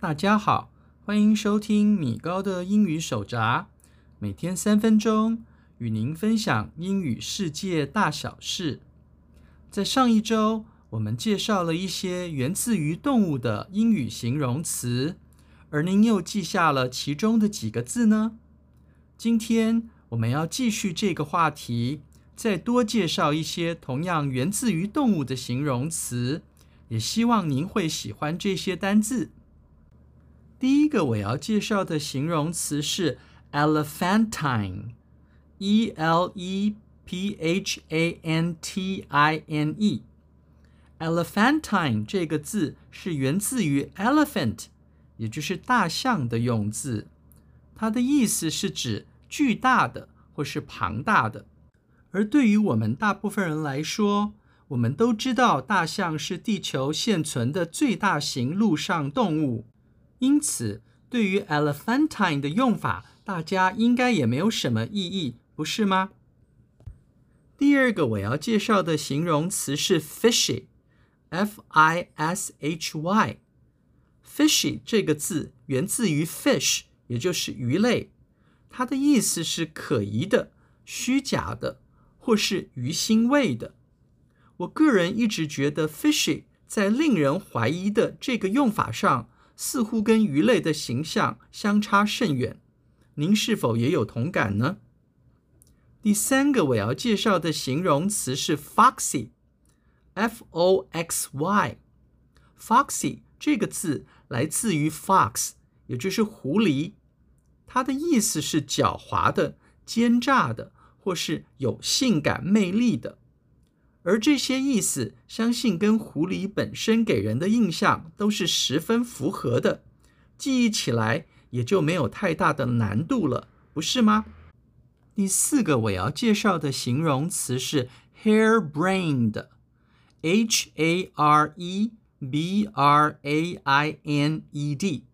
大家好，歡迎收聽米高的英語手札，每天三分鐘，與您分享英語世界大小事。在上一週，我們介紹了一些源自於動物的英語形容詞，而您又記下了其中的幾個字呢？今天我們要繼續這個話題。再多介紹一些同樣源自於動物的形容詞，也希望您會喜歡這些單字。第一個我要介紹的形容詞是 elephantine，e l e p h a n t i n e。elephantine、elephantine 這個字是源自於 elephant，也就是大象的用字，它的意思是指巨大的或是龐大的。而對於我們大部分人來說，我們都知道大象是地球現存的最大型陸上動物，因此對於 elephantine 的用法，大家應該也沒有什麼異議，不是嗎？第二個我要介紹的形容詞是 fishy，f-i-s-h-y。fishy 這個字源自於 fish，也就是魚類，它的意思是可疑的、虛假的。或是魚腥味的，我個人一直覺得 fishy 在令人懷疑的這個用法上，似乎跟魚類的形象相差甚遠。您是否也有同感呢？第三個我要介紹的形容詞是 foxy，F O X Y，foxy 這個字來自於 fox，也就是狐狸，它的意思是狡猾的、奸詐的。或是有性感魅力的，而這些意思相信跟狐狸本身給人的印象都是十分符合的，記憶起來也就沒有太大的難度了，不是嗎？第四個我要介紹的形容詞是 hare-brained，H-A-R-E-B-R-A-I-N-E-D。E e、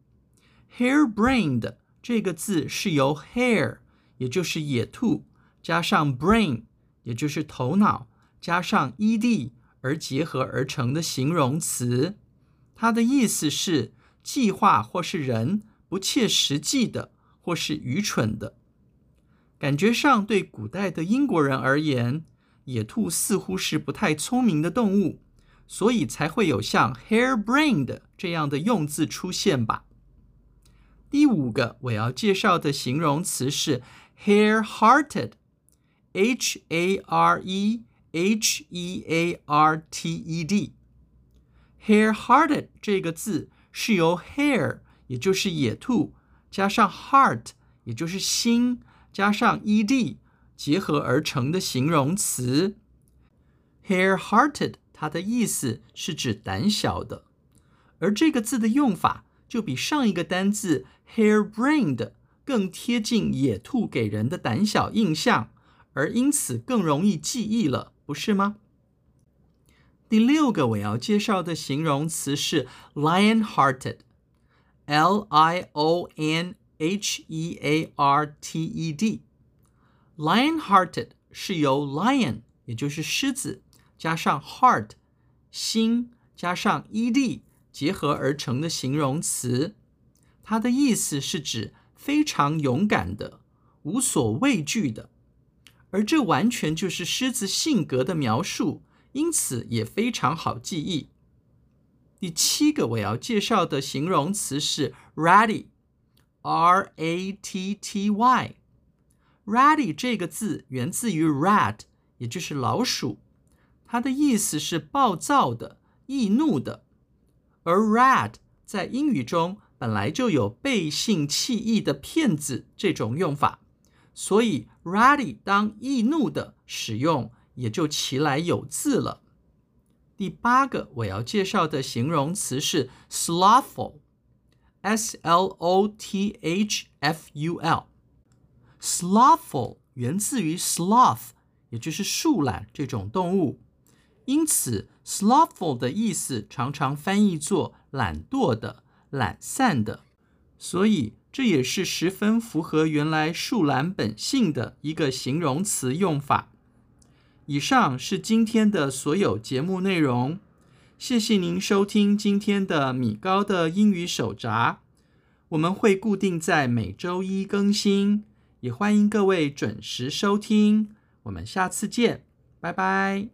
hare-brained 這個字是由 hare，也就是野兔。加上 brain，也就是頭腦，加上 ed 而結合而成的形容詞，它的意思是計劃或是人不切實際的或是愚蠢的。感覺上對古代的英國人而言，野兔似乎是不太聰明的動物，所以才會有像 hare-brained 這樣的用字出現吧。第五個我要介紹的形容詞是 hare-hearted。Hearted，H-A-R-E-H-E-A-R-T-E-D，hare-hearted 這個字是由 hare 也就是野兔加上 heart 也就是心加上 ed 結合而成的形容詞。hare-hearted 它的意思是指膽小的，而這個字的用法就比上一個單字 hare-brained 更貼近野兔給人的膽小印象。而因此更容易記憶了，不是嗎？第六個我要介紹的形容詞是 lion-hearted，l i o n h e a r t e d。lion-hearted 是由 lion，也就是獅子，加上 heart，心，加上 e d 結合而成的形容詞。它的意思是指非常勇敢的、無所畏懼的。而這完全就是獅子性格的描述，因此也非常好記憶。第七個我要介紹的形容詞是 “ratty”，r a t t y。“ratty” 這個字源自於 “rat”，也就是老鼠，它的意思是暴躁的、易怒的。而 “rat” 在英語中本來就有背信棄義的騙子這種用法。所以 ratty 當易怒的使用，也就其來有自了。第八個我要介紹的形容詞是 slothful，s-l-o-t-h-f-u-l。slothful 源自於 sloth，也就是樹懶這種動物，因此 slothful 的意思常常翻譯作懶惰的、懶散的，所以。這也是十分符合原來樹懶本性的一個形容詞用法。以上是今天的所有節目內容，謝謝您收聽今天的米高的英語手札。我們會固定在每週一更新，也歡迎各位準時收聽。我們下次見，拜拜。